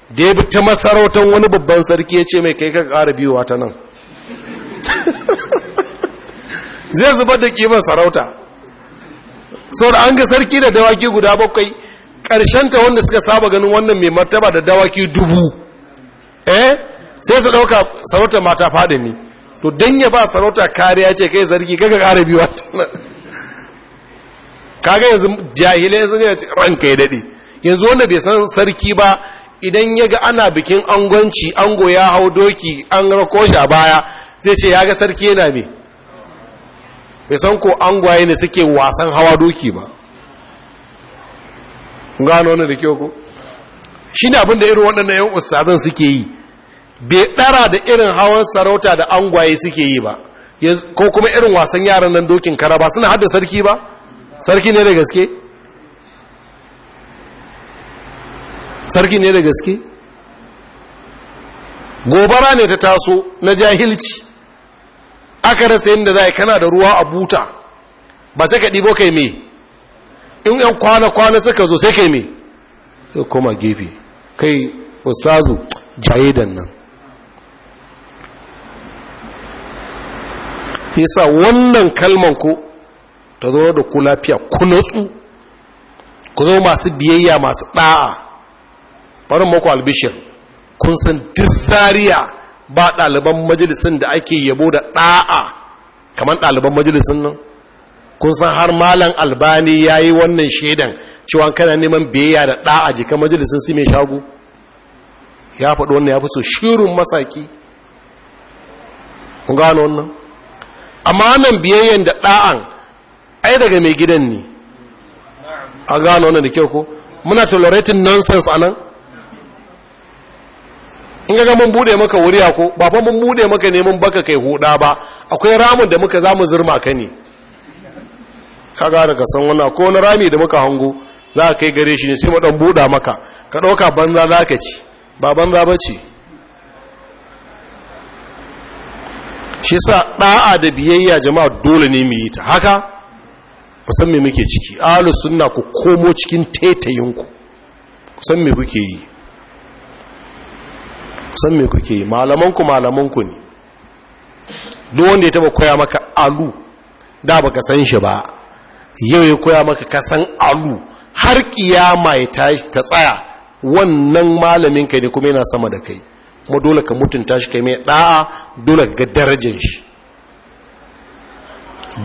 da ya bi ta masarautar wani babban sarki ya ce mai kai ka ƙara biyuwa ta nan zai zubar da kimar sarauta sau da an ga sarki da dawaki guda bakwai ta wanda suka saba ganin wannan mai martaba da dawaki dubu eh sai su ɗauka sarauta mata faɗi ne to don ya ba sarauta kariya ce kai zargi kaga ƙara biyuwa ta nan kaga yanzu jahilai sun ya ce ranka ya dade yanzu wanda bai san sarki ba idan ya ga ana bikin angonci ango ya hau doki an rako shi a baya zai ce ya ga sarki yana me bai san ko angwaye ne suke wasan hawa doki ba gano wani da kyau ko shi ne abinda irin waɗanda yan ustazan suke yi bai ɗara da irin hawan sarauta da angwaye suke yi ba ko kuma irin wasan yaran nan dokin kara ba suna hada sarki ba sarki ne da gaske sarki ne da gaske gobara ne ta taso na jahilci aka rasa yadda za a kana da ruwa a buta ba sai ka ɗibo kai me in yan kwana-kwana suka zo sai kai me sai koma gefe kai ustazu jayidan nan sa wannan kalman ko ta zo da ku lafiya ku nutsu ku zo masu biyayya masu ɗa'a bari muku albishir kun san duk ba ɗaliban majalisun da ake yabo da ɗa'a kamar ɗaliban majalisun nan kun san har malam albani ya yi wannan shaidan cewa kana neman biyayya da ɗa'a jikan majalisun su mai shagu ya faɗi wannan ya fi so shirin masaki kun gano wannan amma nan biyayyen da ɗa'an ai daga mai gidan ne a gano wani da kyau ko muna tolerating nonsense a nan in ga mun bude maka wuriya ko ba mun bude maka neman baka kai huda ba akwai ramin da muka zamu zurma ka ne kaga ka san wannan ko wani rami da muka hango za ka kai gare shi ne sai maɗan buda maka ka ɗauka banza za ka ci ba banza bace shi sa ɗa'a da biyayya jama'a dole ne mu yi ta haka kusan me muke ciki ahlus suna ku komo cikin tetayinku kusan me kuke yi kusan me kuke yi malamanku malamanku ne duk wanda ya taba koya maka alu da baka san shi ba yau ya koya maka kasan alu har kiyama ya tashi ta tsaya wannan malamin kai ne kuma yana sama da kai kuma dole ka mutunta shi kai mai da'a dole ka ga darajar shi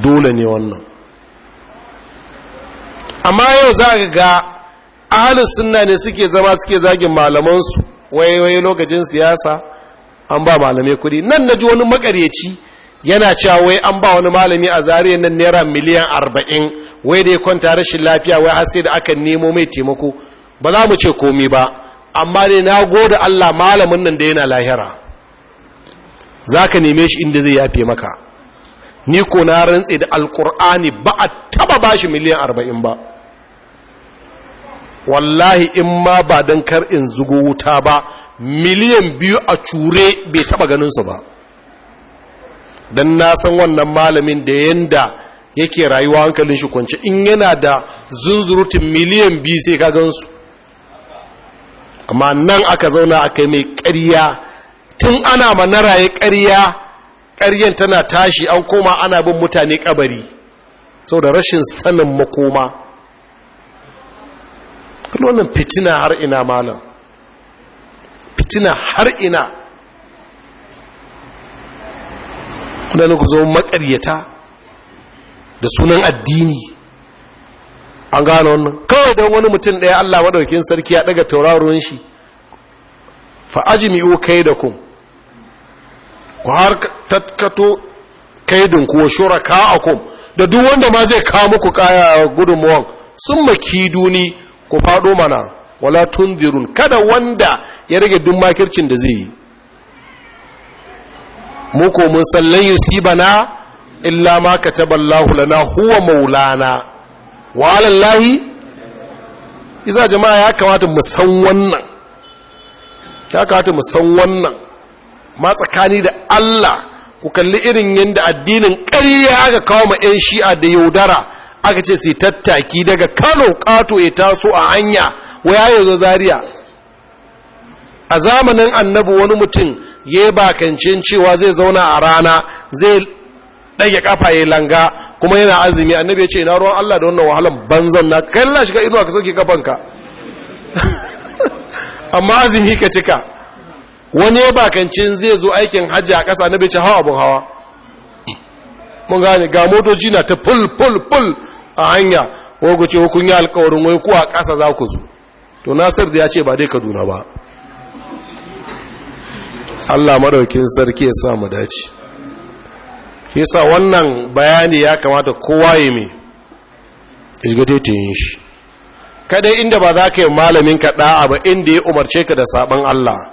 dole ne wannan amma yau za ka ga ahalus sunna ne suke zama suke zagin malamansu waye lokacin siyasa an ba malamai kuɗi nan na ji wani makaryaci yana cewa wai an ba wani malami a zariya nan naira miliyan arba'in wai da ya kwanta rashin lafiya wai har sai da aka nemo mai taimako ba za mu ce komi ba amma ne na goda allah malamin nan da yana lahira za ka neme shi inda zai yafe maka ni ko na rantse da alkur'ani ba a taba bashi miliyan arba'in ba wallahi in ma ba don kar in zugo wuta ba miliyan biyu a cure bai taba ganinsu ba don na san wannan malamin da yanda yake rayuwa hankalin shi kwance in yana da zunzurutun miliyan biyu sai ka gansu amma nan aka zauna aka mai ƙarya tun ana manara ya ƙarya ƙaryen tana tashi an koma ana bin mutane ƙabari sau da rashin sanin makoma kallon wannan fitina har ina malam fitina har ina wadanda ku zama makaryata da sunan addini an gano wannan kawai don wani mutum ɗaya allah madaukin sarki ya ɗaga tauraron shi fa'ajimi'u kai da kun ku har tatkato kaidin kuwa shuraka a kun da duk wanda ma zai kawo muku kaya gudunmuwan sun maki duni ku faɗo mana wala tunzirun kada wanda ya rage dun makircin da zai yi mu ko mun san lan bana? illa ma kataballahu lana huwa maulana wa alallahi jama'a ya kamata mu san wannan ya kamata mu san wannan ma tsakani da Allah ku kalli irin yadda addinin ƙarya aka kawo ma 'yan shi'a da yaudara aka ce sai tattaki daga kano kato ya taso a hanya waya ya zo zariya a zamanin annabi wani mutum ya yi bakancin cewa zai zauna a rana zai ɗage kafa ya langa kuma yana azumi annabi ya ce ina ruwan Allah da wannan wahalan banzan na kai ido shiga inuwa ka sauke kafanka amma azumi ka cika wani ya bakancin zai zo aikin hajji a ƙasa annabi ya ce hawa abin hawa mun gane ga motoci na ta ful ful ful a hanya ko ku ce kun yi alkawarin wai ku a ƙasa za ku zo to nasir da ya ce ba dai kaduna ba allah maraukin sarki ya sa mu dace ke sa wannan bayani ya kamata kowa yi mai yin shi kada inda ba za ka yi malamin ka ɗa'a ba inda ya umarce ka da sabon allah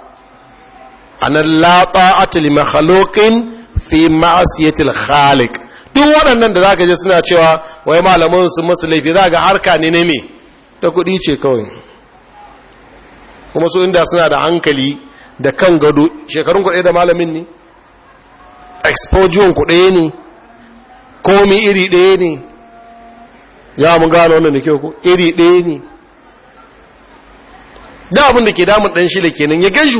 a nan laɓa atali mahalokin fi ma'asiyatil khalik duk waɗannan da ka je suna cewa wai malaman su musu laifi za ga harka ne ne me ta kuɗi ce kawai kuma su inda suna da hankali da kan gado shekarun kuɗe da malamin ne exposure kuɗe ne komi iri ɗaya ne ya mun gano wannan da kyau ko iri ɗaya ne da abin da ke damun dan shi da kenan ya gan shi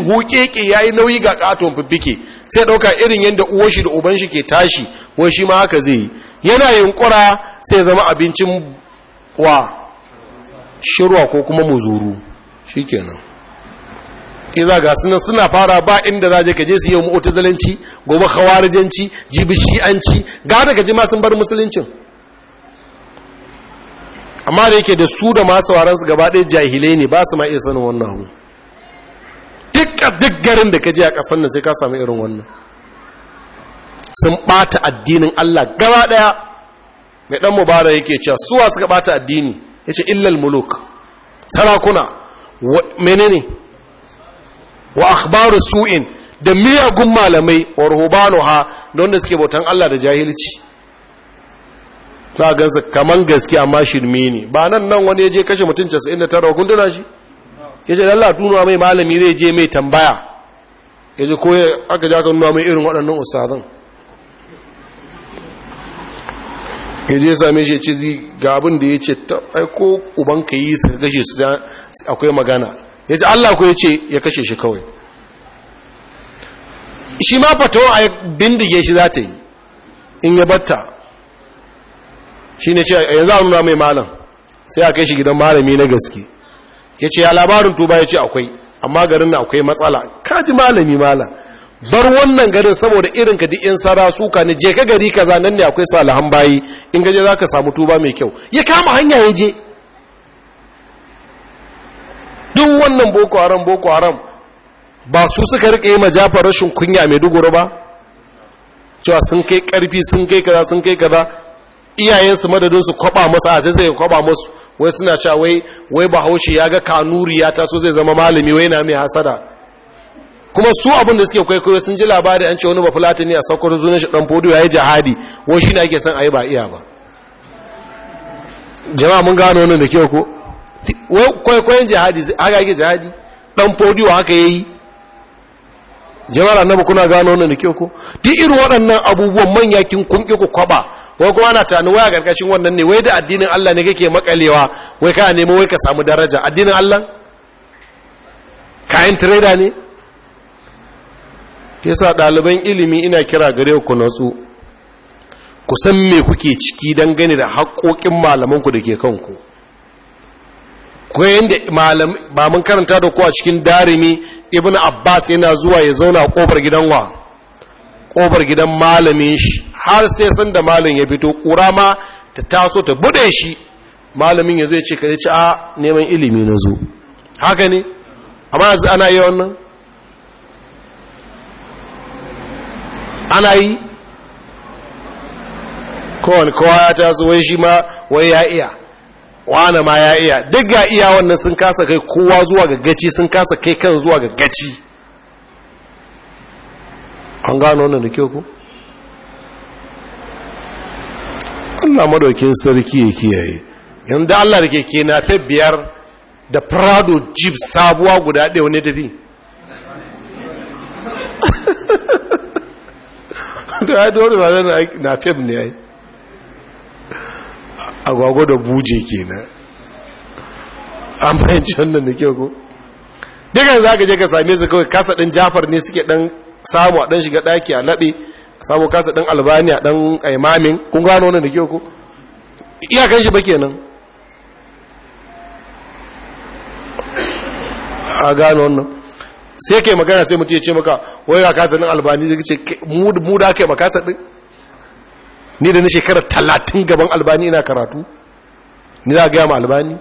ya yi nauyi ga katon fiffike sai ɗauka irin yadda uwar shi da uban shi ke tashi wai shi ma haka zai yana yunkura sai zama abincin wa shirwa ko kuma muzuru shikenan iza ga suna suna fara ba inda za ka je su yi mu'tazilanci gobe khawarijanci jibi shi'anci ga da ka ji ma sun bar musuluncin amma da yake da su da masu waransu gaba ɗaya jahilai ne ba su ma iya sanin wannan abu dukkan duk garin da ka je a ƙasar nan sai ka samu irin wannan sun ɓata addinin Allah gaba ɗaya mai ɗan mubara yake cewa suwa suka ɓata addini ya ce illal muluk sarakuna menene wa akhbaru su'in da miyagun malamai wa ruhubanu ha da suke bautan Allah da jahilci za a gansa kaman gaske amma shirme ne ba nan nan wani ya je kashe mutum 99 kun na shi ya ce lalla nuna mai malami zai je mai tambaya ya ji ko aka ja nuna mai irin waɗannan ustazan ya je sami shi ce ga abin da ya ce ko uban ka yi su kashe su akwai magana ya ce allah ko ya ce ya kashe shi kawai shi ma fatawa a bindige shi za ta yi in ya batta shi ne ce yanzu a nuna mai malam sai a kai shi gidan malami na gaske ya ce ya labarin tuba ya ce akwai amma garin na akwai matsala kaji malami malam bar wannan garin saboda irin ka di'in sara suka ne je ka gari kaza nan ne akwai salahan bayi in gaje za ka samu tuba mai kyau ya kama hanya ya je duk wannan boko haram boko haram ba su suka rike yi majafa rashin kunya mai dugoro ba cewa sun kai karfi sun kai kaza sun kai kaza iyayensu madadin su kwaba masu a sai zai kwaba masu wai suna cewa wai wai bahaushe ya ga kanuri ya taso zai zama malami wai na mai hasada kuma su abin da suke kwaikwayo sun ji labari an ce wani ba ne a saukar zuwan shi dan fodo ya yi jihadi wai shi ne ake son a yi ba iya ba jama'a mun gano wannan da kyau ko kwaikwayon jihadi haka ake jihadi dan fodo haka ya yi jama'ar annabi kuna gano wannan da kyau ko duk irin waɗannan abubuwan manya kin kun ki ku kwaba ko kuma ana tani waya karkashin wannan ne wai da addinin Allah ne kake makalewa wai ka nemi wai ka samu daraja addinin Allah kayan trader ne yasa ɗaliban ilimi ina kira gare ku natsu ku san me kuke ciki dangane da haƙoƙin malamanku da ke kanku akwai yadda ba mun karanta da kuwa cikin darimi ibn abbas yana zuwa ya zauna a ƙofar gidan wa ƙofar gidan malamin shi har sai san da malam ya fito ƙura ma ta taso ta buɗe shi malamin ya zai ce ka ce a neman ilimi na zo haka ne amma yanzu ana yi wannan ana yi kowane kowa ya taso wai shi ma wai ya iya wane ma ya iya duk ga iya wannan sun kasa kai kowa zuwa ga gaci sun kasa kai kan zuwa ga gaci an gano wannan da kyau ku Allah madaukin sarki ya kiyaye Yanda Allah da keke na ta biyar da prado jeep sabuwa guda ɗaya wani tafi da ya dole zanen na feb ne ya yi agwagwa da buje kenan amma fahimci wannan da kyau ko dukkan za ka je ka same su kawai kasa ɗin jafar ne suke ɗan samu a ɗan shiga ɗaki a laɓe a samu kasa ɗin albani a ɗan aimamin kun gano wannan da kyau ko iyakan shi ba kenan a gano wannan sai kai magana sai mutu ya ce maka wai ga kasa ɗin albani zai ce mu da kai makasa ɗin ni da na shekara talatin gaban albani ina karatu ni za gaya ma albani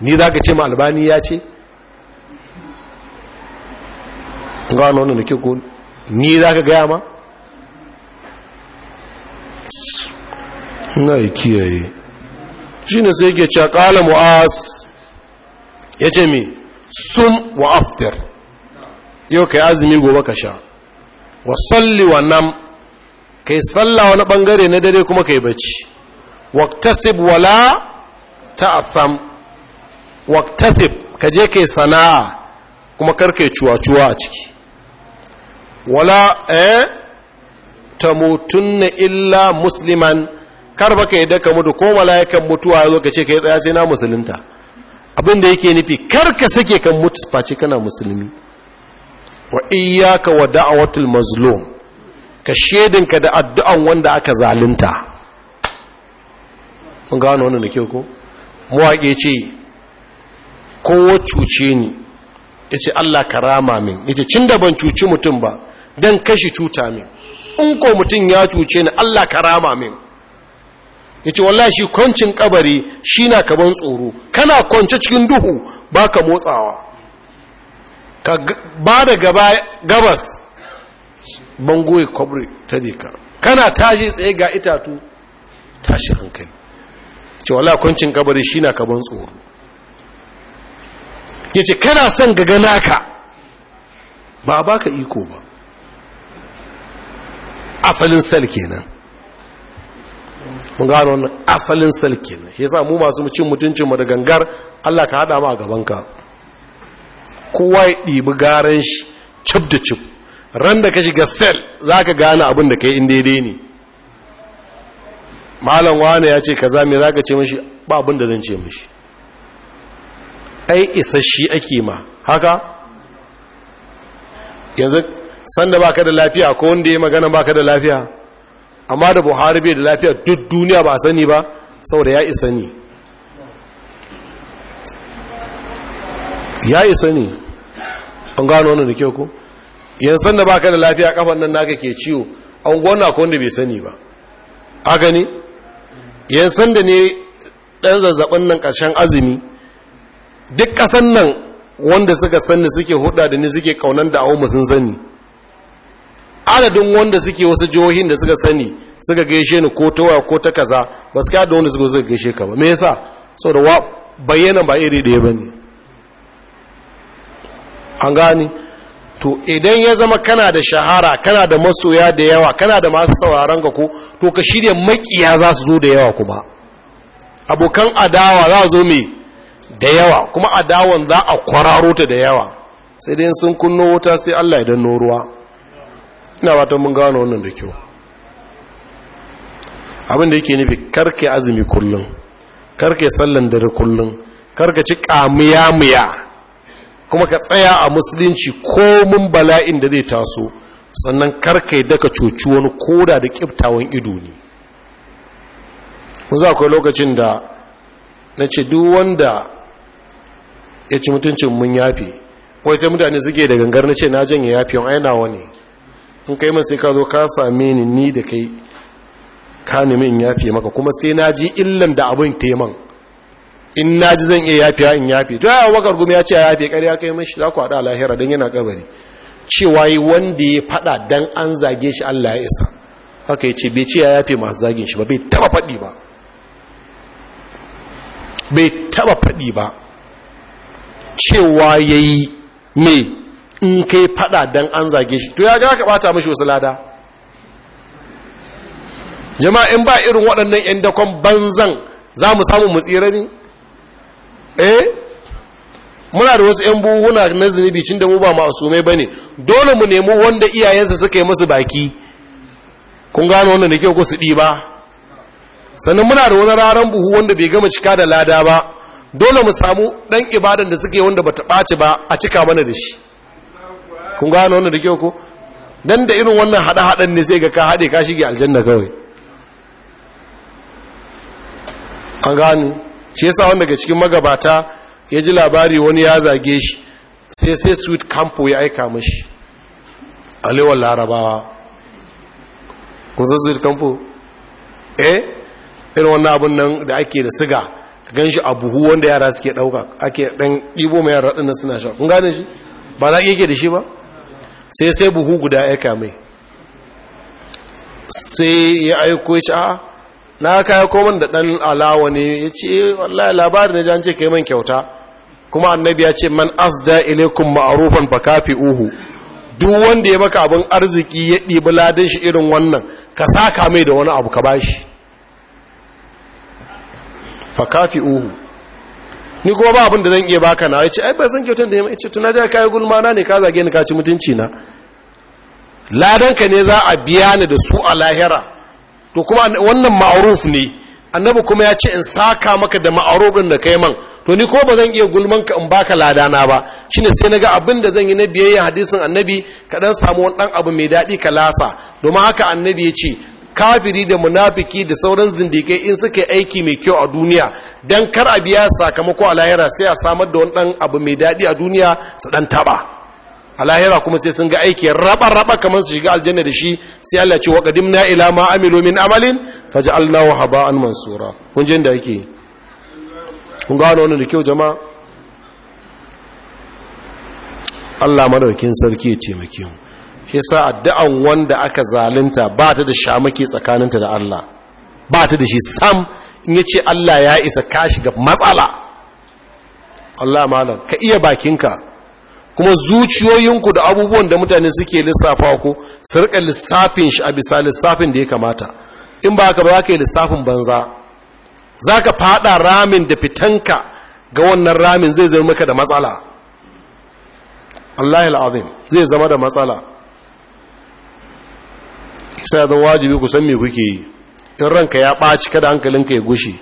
ni za ka ce ma albani ya ce gano wannan da ke ko ni za ka gaya ma na yi kiyaye shi ne sai ke ce kala mu'as ya ce mi sum wa aftar. yau ka yi azumi gobe ka sha wa salli wa nam kai sallah wani bangare na dare kuma kai bacci waktasib wala ta atham waktasib je kai sana'a kuma yi cuwa-cuwa a ciki wala eh mutunna illa musliman kar baka yi daga mutu ko mala'ikan mutuwa ya zo ka ce ka yi tsaya sai na musulunta abin da yake nufi kar ka sake kan mutu face kana musulmi wa wada wa da'awatul mazlum ka shedinka da addu'an wanda aka zalunta mun gano wani da ke ko mawaƙi ce kowa cuce ni ya ce allah karama min ya ce cin ban cuci mutum ba don kashi cuta min in ko mutum ya cuce ni allah karama min ya ce wallah shi kwancin kabari shi na kaban tsoro kana kwance cikin duhu ba ka motsawa ka ba da gabas bango ya kwabri ta deka kana tashi tsaye ga itatu tashi hankali ce wala kwancin kabari shi na kaban tsoro ya ce kana son gaga naka ba a baka iko ba asalin sal kenan mun gano wannan asalin sal kenan shi yasa mu masu cin mutuncin mu da gangar Allah ka hada mu a gaban ka kowa ya ɗibi garan shi cib da cib ran da ka shiga sel za ka gane abin da ka yi in daidai ne malam wane ya ce kaza za ka ce mashi ba abin da zan ce mashi ai isashi ake ma haka yanzu sanda ka da lafiya ko wanda ya magana ba ka da lafiya amma da buhari bai da lafiya duk duniya ba sani ba saboda ya isa ni ya isa ni an gano wannan da kyau ko yanzu da baka da lafiya kafan nan naka ke ciwo an gona ko wanda bai sani ba a gani yanzu da ne ɗan zazzabin nan ƙarshen azumi duk ƙasan nan wanda suka sani suke huɗa da ni suke ƙaunar da auma sun sani adadin wanda suke wasu jihohin da suka sani suka gaishe ni ko ta waya ko ta kaza ba su kada wanda suka suka gaishe ka ba me yasa saboda bayyana ba iri ɗaya ba ne an gani to idan ya zama kana da shahara kana da masoya da yawa kana da masu sauraron ka ko to ka shirya makiya za su zo da yawa kuma abokan adawa za zo mai da yawa kuma adawan za a kwararo ta da yawa sai dai sun kunno wuta sai Allah ya danno ruwa ina fatan mun gano wannan da kyau abin da yake nufi karke azumi kullum karke sallan dare kullum karka ci kamiya miya kuma ka tsaya a musulunci komin bala'in da zai taso sannan karkai daka coci wani koda da kiftawan ido ne kun za akwai lokacin da na ce duk wanda ya ci mutuncin mun yafi wai sai mutane suke da gangar na ce na janye wani aina wani in kai man sai ka zo ka same ni ni da kai ka nemi in yafi maka kuma sai na ji illan da abin teman in na ji zan iya yafiya in yafi to ya wakar gumi ya ce ya yafi ya kai mashi za ku haɗa lahira don yana kabari cewa yi wanda ya faɗa don an zage shi allah ya isa haka ya ce bai ce ya yafi masu zagin shi ba bai taɓa faɗi ba bai taɓa faɗi ba cewa ya yi me in kai faɗa don an zage shi to ya ga ka ɓata mashi wasu lada jama'a in ba irin waɗannan 'yan dakon banzan za mu samu mu tsira ne eh muna da wasu 'yan buhuna na zunubi cin da mu ba ma'asumai ba ne dole mu nemi wanda iyayensa suka yi masu baki kun gano wanda da ke ko ɗi ba sannan muna da wani raran buhu wanda bai gama cika da lada ba dole mu samu ɗan ibadan da suke wanda ba ta ɓaci ba a cika mana da shi kun gano wanda da ke ko dan da irin wannan haɗa-haɗan ne sai ga ka haɗe ka shige aljanna kawai an gani shi yasa wanda daga cikin magabata ya ji labari wani ya zage shi sai sai sweet campo ya aika mashi alewar larabawa kusan sweet campo eh irin wannan abin nan da ake da siga ka gan shi a buhu wanda yara suke ɗauka ake ɗan ɗibo mai yara ɗin suna sha kun gane shi ba za ke da shi ba sai sai buhu guda aika mai sai ya aiko ya ci a'a na kaya koman da ɗan alawa ne ya ce eh, wallahi labarin na jan ce ka yi man kyauta kuma annabi ya ce man asda ilaikum ma'arufan fa kafi uhu duk wanda ya maka abin arziki ya ɗibi ladin shi irin wannan ka saka mai da wani abu ka bashi fa uhu ni kuma ba abin da zan iya baka na ya ce ai ba san kyautar da ya ce tuna ja kayi gulma na ne ka zage ni ka ci mutunci na ladan ka ne za a biya ni da su a lahira to kuma wannan ma'aruf ne annabi kuma ya ce in saka maka da ma'arufin da kai man to ni ko ba zan iya gulman ka in baka lada na ba shine sai naga abin da zan yi na biyayya hadisin annabi ka dan samu wani dan abu mai daɗi ka lasa domin haka annabi ya ce kafiri da munafiki da sauran zindikai in suka yi aiki mai kyau a duniya dan kar a biya sakamako a lahira sai a samar da wani dan abu mai daɗi a duniya su dan taba a lahira kuma sai sun ga aiki raba-raba kamar su shiga aljanna da shi sai Allah ce wa qadimna ila ma amilu min amalin faj'alnahu haba'an mansura kun ji da yake kun ga wannan da kyau jama'a Allah madaukin sarki ya taimake mu shi yasa addu'an wanda aka zalunta ba ta da shamaki tsakaninta da Allah ba ta da shi sam in yace Allah ya isa ka shiga matsala Allah malam ka iya bakinka kuma zuciyoyinku da abubuwan da mutane suke lissafa ku su rika lissafin shi a bisa lissafin da ya kamata in ba ka ba za ka yi lissafin banza za ka fada ramin da fitanka ga wannan ramin zai zama maka da matsala allahi azim zai zama da matsala isa zan wajibi ku san me kuke yi in ranka ya ɓaci kada hankalinka ya gushe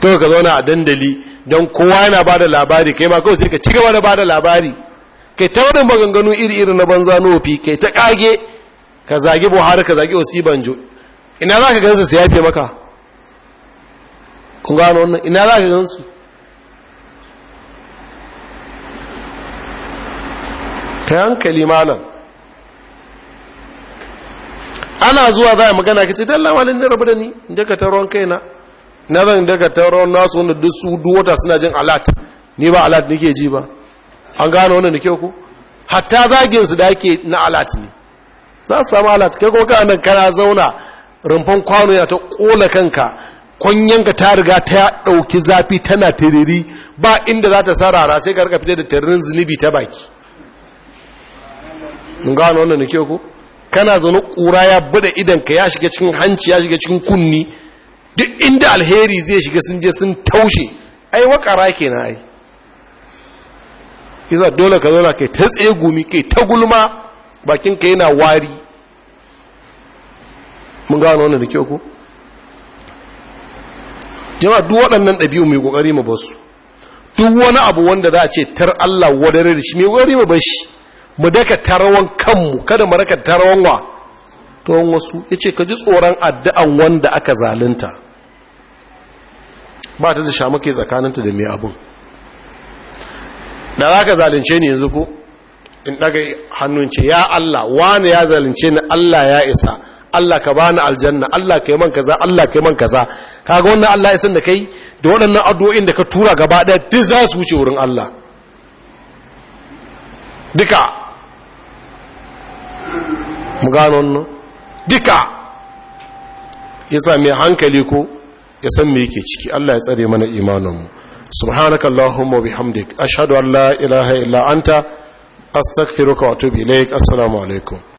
kawai ka zauna a dandali don kowa yana ba da labari kai ma kawai sai ka ci gaba da ba da labari kai ta wurin maganganu iri-iri na banza nufi kai ta kage ka zagi buhari ka zagi banjo ina za ka gansu su yafe maka kun gano wannan ina za ka gansu ka hankali malam ana zuwa za a magana ka ce don lamalin da rabu da ni inda ka taron kaina na zan daga taron nasu wanda duk su duwata suna jin alat ni ba alat nike ji ba an gano wani da ku hatta zagin da ake na alat ne za su samu alat kai kuma kana kana zauna rumfan kwano ya ta kola kanka kwanyanka ta riga ta dauki zafi tana tiriri ba inda za ta sarara sai ka rika fita da tiririn zunubi ta baki mun gano wani da ku kana zaune kura ya bada idan ka ya shiga cikin hanci ya shiga cikin kunni duk inda alheri zai shiga sun je sun taushe ai wakara kenan ai isa dole ka zauna kai ta tsaye gumi kai ta gulma bakin ka yana wari mun gano wannan da kyau ku jama duk waɗannan ɗabi'u mai ƙoƙari ma basu duk wani abu wanda za a ce tar Allah wadare da shi mai ƙoƙari ma bashi mu daka tarawan kanmu kada mu raka tarawan wa talakawan wasu ya ce ka ji tsoron addu'an wanda aka zalunta ba ta da shamake tsakaninta da mai abin da za ka zalunce ni yanzu ko in daga hannun ce ya Allah wani ya zalunce ni Allah ya isa Allah ka bani aljanna Allah ka yi man kaza Allah ka yi man kaza kaga wannan Allah ya da kai da waɗannan addu'o'in da ka tura gaba ɗaya duk za su wuce wurin Allah duka mu gano wannan duka ya mai hankali ko ya san me yake ciki Allah ya tsare mana imaninmu subhanaka allahumma bihamdik ashhadu an la ilaha illa anta astaghfiruka wa atubu ilaik assalamu alaikum